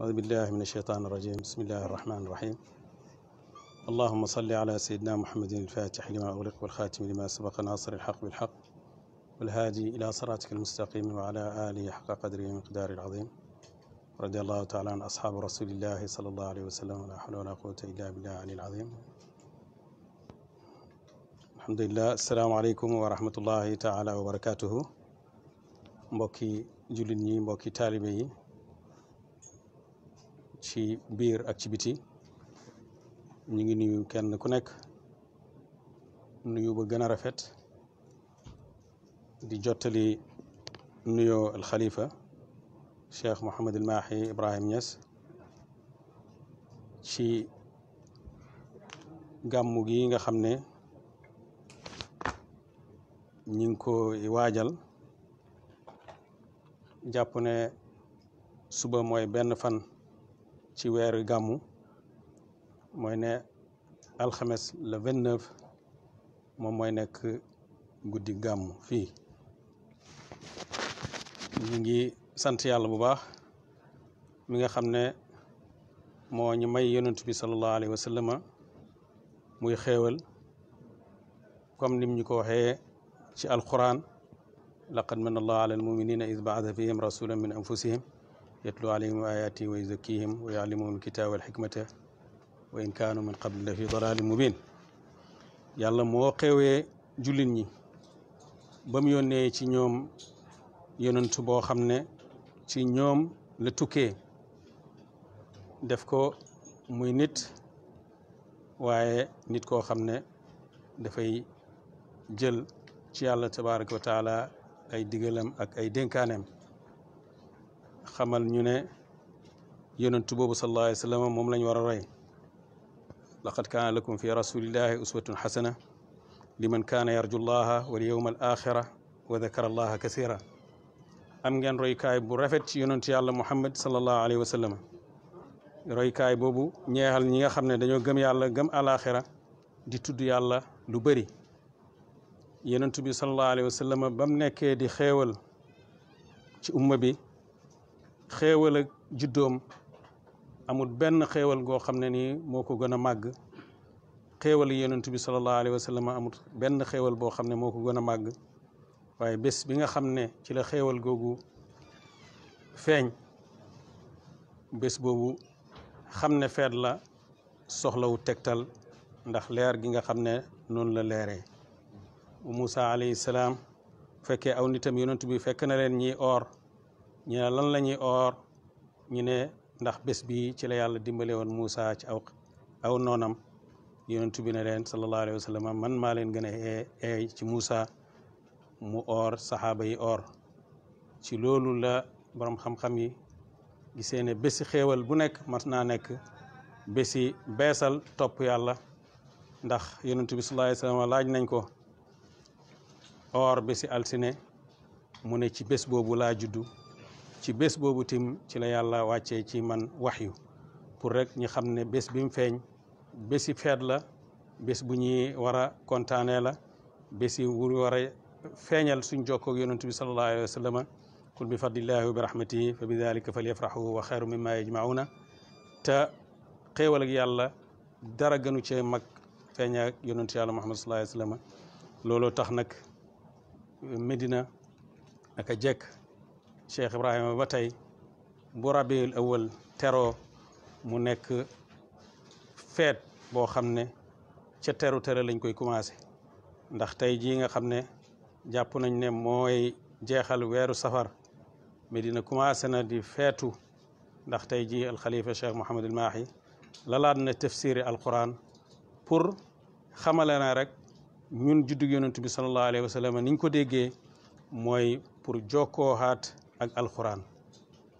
أعوذ بالله من الشيطان الرجيم بسم الله الرحمن الرحيم اللهم صل على سيدنا محمد الفاتح لما أغلق والخاتم لما سبق ناصر الحق بالحق والهادي إلى صراطك المستقيم وعلى آله حق قدره ومقداره العظيم رضي الله تعالى عن أصحاب رسول الله صلى الله عليه وسلم ولا حول ولا قوة إلا بالله العلي العظيم الحمد لله السلام عليكم ورحمة الله تعالى وبركاته mbokki jullit ñi mbokki taalibe yi ci biir ak ci ñu ngi nuyu kenn ku nekk nuyu ba gën a rafet di jottali nuyo alxalifa cheikh Mouhamed El Mahi Ibrahim Niass ci gàmmu gi nga xam ne ñi ngi ko waajal jàpp ne suba mooy benn fan ci weeru gàmmu mooy ne alxames le vingt neuf moom mooy nekk guddi gàmmu fii ñu ngi sant yàlla bu baax mi nga xam ne moo ñu may yonent bi sallallahu alayhi wa muy xéewal comme nim ñu ko waxee ci alquran laqad manna allahu ala almuminina id baasa fihim rasulan min anfusihim yatlu alayhim ayatihi wa yuzakkihim wa yuallimuhum alkitaba walxikmata wa in kaanu min qabli la fi dalalin mubin yàlla moo xewee jullit ñi ba mu yónnee ci ñoom yonentu boo xam ne ci ñoom la tukkee def ko muy nit waaye nit koo xam ne dafay jël ci yàlla tabaraka wa taala ay digalam ak ay dénkaaneem xamal ñu ne yonentu boobu sallallahu alayhi moom lañ war a roy laqad kaana lakum fi rasulillahi uswatun xasana liman kaana yarju llaha wal yawma al wa dakara allaha kasira am ngeen roykaay bu rafet ci yonentu yàlla muhammad sallallahu alayhi yàlla gëm alaxira di tudd yàlla lu bëri yonent bi sallallahu alayhi wa sallam ba mu nekkee di xéewal ci umma bi xéewal ak juddoom amul benn xéewal goo xam ne ni moo ko gën a màgg xewal yonent bi sallallahu alayhi wa sallam amul benn xéewal boo xam ne moo ko gën a màgg waaye bés bi nga xam ne ci la xéewal googu feeñ bés boobu xam ne feet la soxlawu tegtal ndax leer gi nga xam ne noonu la leere Moussa alayhi salaam bu fekkee aw nitam yonent bi fekk na leen ñiy oor ñu la ñuy oor ñu ne ndax bés bi ci la yàlla dimbale woon Moussa ci aw noonam yonent bi ne leen sallallahu alayhi man maa leen gën a eey ci Moussa mu oor saxaaba yi oor ci loolu la borom xam-xam yi gisee ne bési xewal bu nekk mas naa nekk bési beesal topp yàlla ndax yonent bi sallallahu laaj nañ ko or bési altine mu ne ci bés boobu laa juddu ci bés boobu tim ci la yàlla wàccee ci man waxyu pour rek ñi xam ne bés bi mu feeñ bési feet la bés bu ñuy war a kontaanee la bési wu war a feeñal suñ jokkoog yonent bi sallallahu alayhi wa sallam kul bi fadlillahi wa bi rahmatihi fa bi dalika falyafrahu wa xayru mimma yajmauna te xéewal yàlla dara ganu cee mag feeña ak yonent yàlla muhammad sallallahu alayhi wa looloo tax nag Medina naka jekk Cheikh Ibrahima ba tey bu rabiul awal teroo mu nekk feet boo xam ne ca teru tere lañ koy commencé ndax tey jii nga xam ne jàpp nañ ne mooy jeexal weeru safar Medina commencé na di feetu ndax tey ji alxalifa Cheikh Mouhamadul Mahi lalaat na tafsiri alquran pour xamale na rek ñun juddug yonent bi sallallahu alayhi wa sallam niñ ko déggee mooy pour jokkoo xaat ak alquran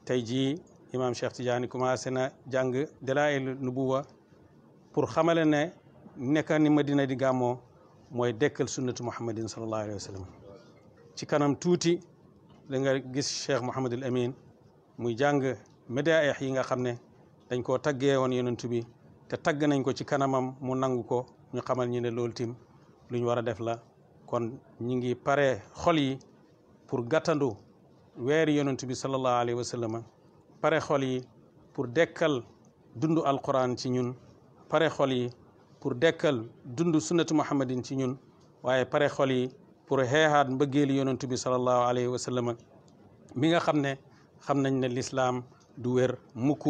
tey jii imaam Cheikh Tidiane commencé na jàng dalaa'il nubuwa pour xamale ne nekka ni Madina di gàmmoo mooy dekkal sunnatu muhammadin sallallahu alayhi wa ci kanam tuuti da nga gis Cheikh Mouhamadul Amin muy jàng médailles yi nga xam ne dañ ko taggee woon yonent bi te tagg nañ ko ci kanamam mu nangu ko ñu xamal ñu ne loolu tim lu ñu war a def la kon ñi ngi pare xol yi pour gàttandu weeri yonent bi sallallahu alayhi wa sallam pare xol yi pour dekkal dundu alquran ci ñun pare xol yi pour dekkal dundu sunnatu muhammadin ci ñun waaye pare xol yi pour xeexaat mbëggeeli yonent bi sallallahu alayhi wa sallam mi nga xam ne xam nañ ne lislaam du wér mukk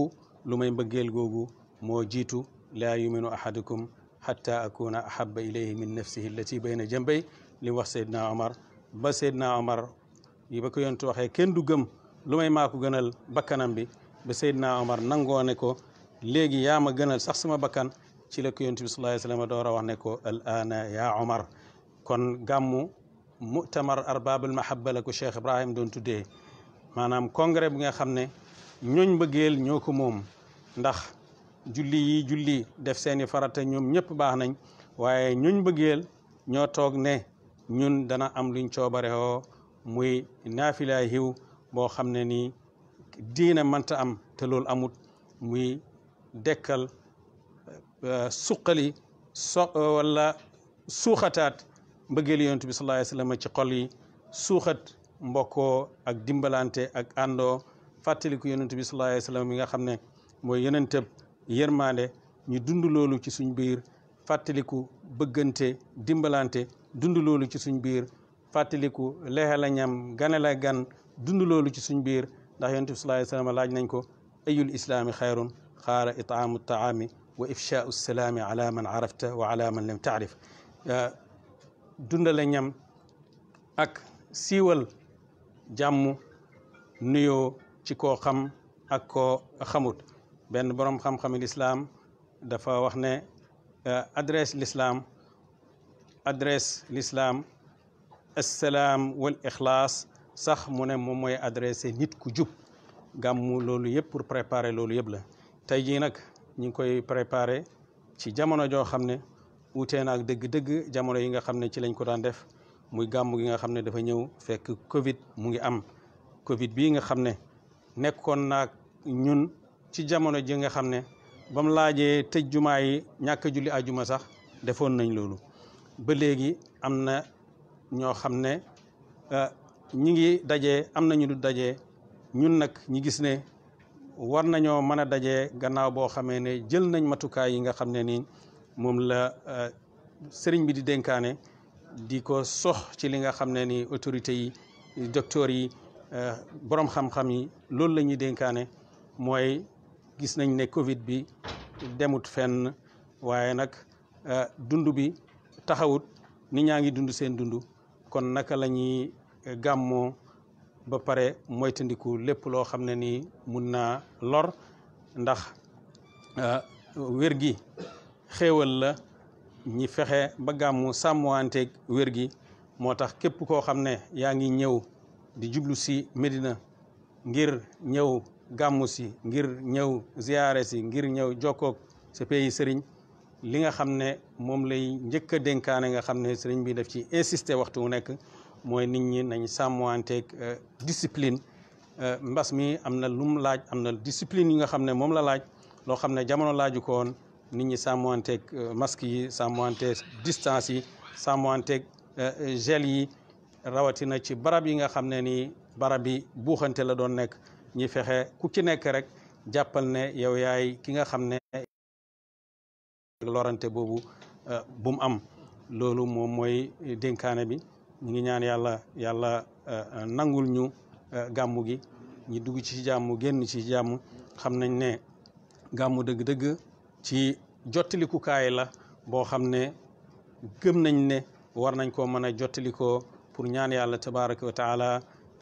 lu may mbëggeel googu moo jiitu laa yuminu ahadukum xatta akuna ahaba ilayhi min nafsihi allati bayna jambay li mu wax Seydina Omar ba Seydina Omar yi ba ko yontu waxee kenn du gëm lu may maa ko gënal bakkanam bi ba Seydina Omar nangoo ne ko léegi yaa ma gënal sax sama bakkan ci la ko yontu bi sallallahu alayhi wa sallam door a wax ne ko al aana yaa Omar kon gàmmu mu'tamar arbabul mahabba la ko Cheikh Ibrahim doon tuddee maanaam congrès bi nga xam ne ñooñ mbëggeel ñoo ko moom ndax julli yi julli def seeni farata ñoom ñëpp baax nañ waaye ñuñ bëggeel ñoo toog ne ñun dana am luñ coobare oo muy naafila xiw boo xam ne nii diine mënta am te loolu amut muy dekkal euh, suqali so euh, wala suuxataat mbëggeel yonent bi sallallahu alayhi wasallam ci xol yi suuxat mbokkoo ak dimbalante ak àndoo fàttaliku yonent bi sallallahu alayhi wasallam mi nga xam ne mooy yonentëb yërmande ñu dund ci suñ biir fàttaliku bëggante dimbalante dund loolu ci suñ biir fàttaliku leexe la ñam gane gan dund loolu ci suñ biir ndax yonent bi sallallahu alayhi laaj nañ ko ayul islaam xayrun xaala itaamu taami wa ifchaau salaami ala arafta wa ala man taarif dundale ñam ak siiwal jàmm nuyoo ci koo xam ak koo xamut benn boroom xam-xami lislaam dafa wax ne eh, adresse lislaam adresse lislaam assalaam wal ixlaas sax mu ne moom mooy adressé nit ku jub gàmmu loolu yëpp pour préparer loolu yëpp la tey jii nag ñu ngi koy préparer ci jamono joo xam ne wuute na ak dëgg-dëgg jamono yi nga xam ne ci lañ ko daan def muy gàmm gi nga xam ne dafa ñëw fekk Covid mu ngi am Covid bii nga xam ne nekkoon naag ñun ci jamono ji nga xam ne ba laajee tëj jumaa yi ñàkk julli ajuma sax defoon nañ loolu ba léegi am na ñoo xam ne euh, ñi ngi dajee am na ñu du dajee ñun nag ñi gis ne war nañoo mën a dajee gannaaw boo xamee ne jël nañ matukaay yi nga xam ne nii moom la euh, sëriñ bi di dénkaane di ko sox ci li nga xam ne ni autorités yi docteurs yi euh, borom xam-xam yi loolu la ñuy dénkaane mooy gis nañ ne Covid bi demut fenn waaye nag euh, dund bi taxawut nit ñaa ngi dund seen dund kon naka la ñuy euh, ba pare moytandiku lépp loo xam ne nii mun naa lor ndax euh, wér gi xéewal la ñi fexe ba gàmmu sàmmanteeg wér gi moo tax képp koo xam ne yaa ngi ñëw di jublu si médina ngir ñëw gàmmu si ngir ñëw ziyaare si ngir ñëw jokkoog sa pays sëriñ li nga xam ne moom lay njëkk a dénkaane nga xam ne sëriñ bi daf ci insister waxtu wu nekk mooy nit ñi nañ sàmmanteeg euh, discipline euh, mbas mi am na lum laaj am na discipline yi nga xam ne moom la laaj loo xam ne jamono laaju ko woon nit ñi sàmmanteeg euh, yi sàmmanteeg distance yi sàmmanteeg gel yi rawatina ci barab yi nga xam ne nii barab yi buuxante la doon nekk ñi fexe ku ci nekk rek jàppal ne yow yaay ki nga xam ne lorante boobu euh, bu am loolu moom mooy dénkaane bi ñu ngi ñaan yàlla yàlla euh, nangul ñu euh, gàmmu gi ñi dugg ci jàmm génn ci jàmm xam nañ ne gàmmu dëgg-dëgg ci jottalikukaay la boo xam ne gëm nañ ne war nañ ko mën a jottalikoo pour ñaan yàlla tabaraka wa taala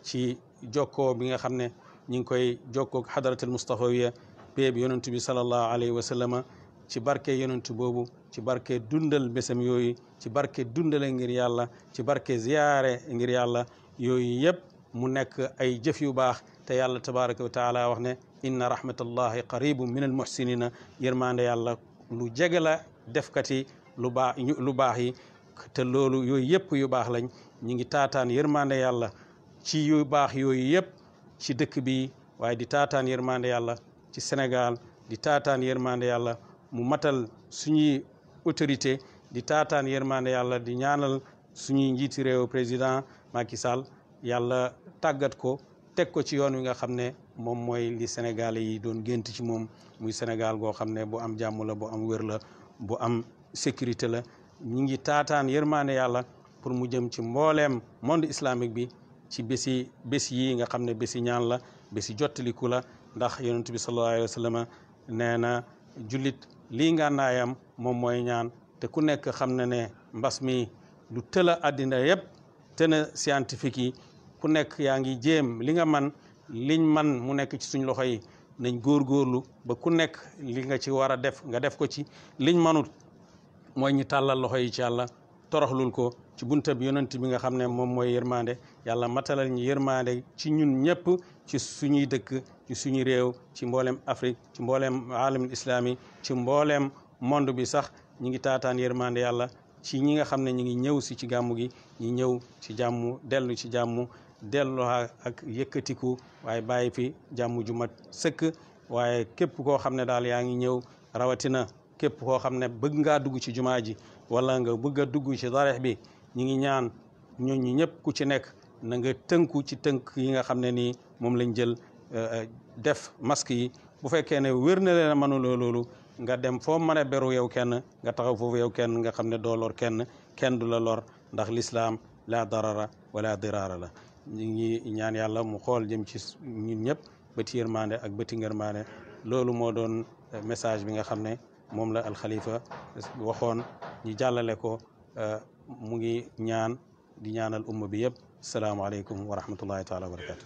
ci jokkoo bi nga xam ne ñi ngi koy jokkoog xadaratul mustafawiya péeb yonentu bi salallahu alayhi wa ci barke yonentu boobu ci barke dundal bésam yooyu ci barke dundal ngir yàlla ci barke ziyaare ngir yàlla yooyu yëpp mu nekk ay jëf yu baax te yàlla tabaraka wa taala wax ne inna rahmatallahi qaribum min al muhsinina yërmande yàlla lu jege la defkat yi lu baax lu baax yi te loolu yooyu yëpp yu baax lañ ñi ngi taataan yërmande yàlla ci yu baax yooyu yëpp ci dëkk bi waaye di taataan yërmande yàlla ci Sénégal di taataan yërmande yàlla mu matal suñuy autorité di taataan yërmande yàlla di ñaanal suñuy njiiti réew président Macky Sall yàlla tàggat ko teg ko ci yoon wi nga xam ne moom mooy li Sénégalais yi doon gént ci moom muy Sénégal goo xam ne bu am jàmm bo am wér la bu am sécurité la ñi ngi taataan yërmande yàlla pour mu jëm ci mbooleem monde islamique bi ci bési bés yi nga xam ne bési ñaan la bési jottaliku la ndax yonent bi sallallahu alayhi wa sallam nee na jullit lii nga naayam moom mooy ñaan te ku nekk xam na ne mbas mi lu tëla àddina yëpp te na scientifique yi ku nekk yaa ngi jéem li nga man liñ man mu nekk ci suñ loxo yi nañ góorgóorlu ba ku nekk li nga ci war a def nga def ko ci liñ manut mooy ñu tàllal loxo yi ci yàlla toroxlul ko ci buntab yonent bi nga xam ne moom mooy yërmande yàlla matalal ñu yërmande ci ñun ñëpp ci suñuy dëkk ci suñu réew ci mboolem Afrique ci mbooleem alamul islami ci mbooleem monde bi sax ñi ngi taataan yërmande yàlla ci ñi nga xam ne ñu ngi ñëw si ci gàmmu gi ñi ñëw ci jàmm dellu ci jàmm dellu ak yëkkatiku waaye bàyyi fi jàmm ju mat sëkk waaye képp koo xam ne daal yaa ngi ñëw rawatina képp koo xam ne bëgg ngaa dugg ci jumaa ji wala nga bëgg a dugg ci dareex bi ñi ngi ñaan ñooñu ñëpp ku ci nekk na nga tënku ci tënk yi nga xam ne nii moom lañ jël euh, euh, def masque yi bu fekkee ne wér na leen a mënuloo loolu nga dem foo mën a beru yow kenn nga taxaw foofu yow kenn nga xam ne doo lor kenn kenn du la lor ndax lislaam laa darara wala diraara la ñi ñaan yàlla mu xool jëm ci ñun ñëpp bëti yërmaande ak bëti ngërmaande loolu moo doon euh, message bi nga xam ne moom la alxalifa waxoon ñu jàllale ko euh, mu ngi ñaan di ñaanal umma bi yëpp salaamaaleykum wa rahmatullahi taala wa barakatu